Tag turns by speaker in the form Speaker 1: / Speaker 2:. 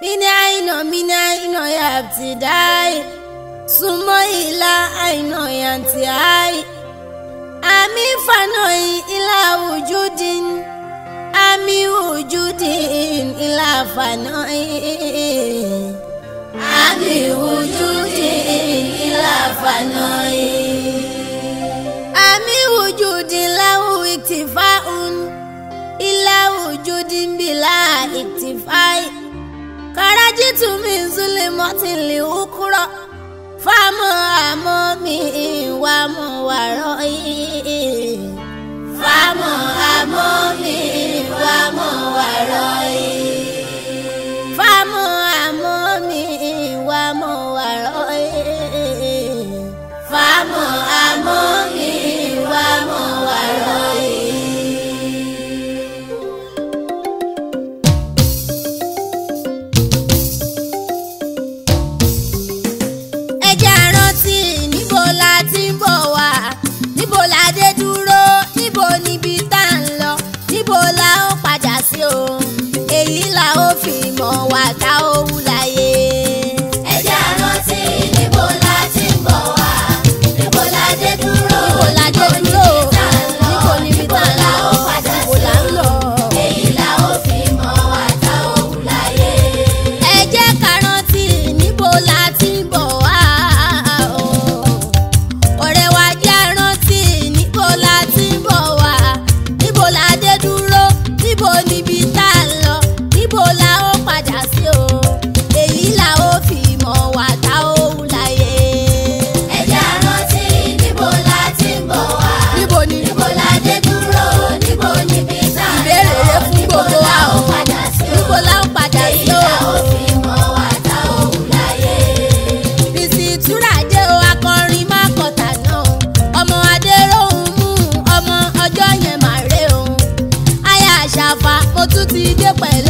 Speaker 1: Mina aina mina aina ya abtidai Sumo ila aina ya antiai Ami fanoi ila wujudin Ami wujudin ila fanoi Ami wujudin ila fanoi Ami wujudin lahu iktifaun Ila wujudin bila iktifai karajitu min zulimatin liukura famu amu. ti dé pẹ̀lú.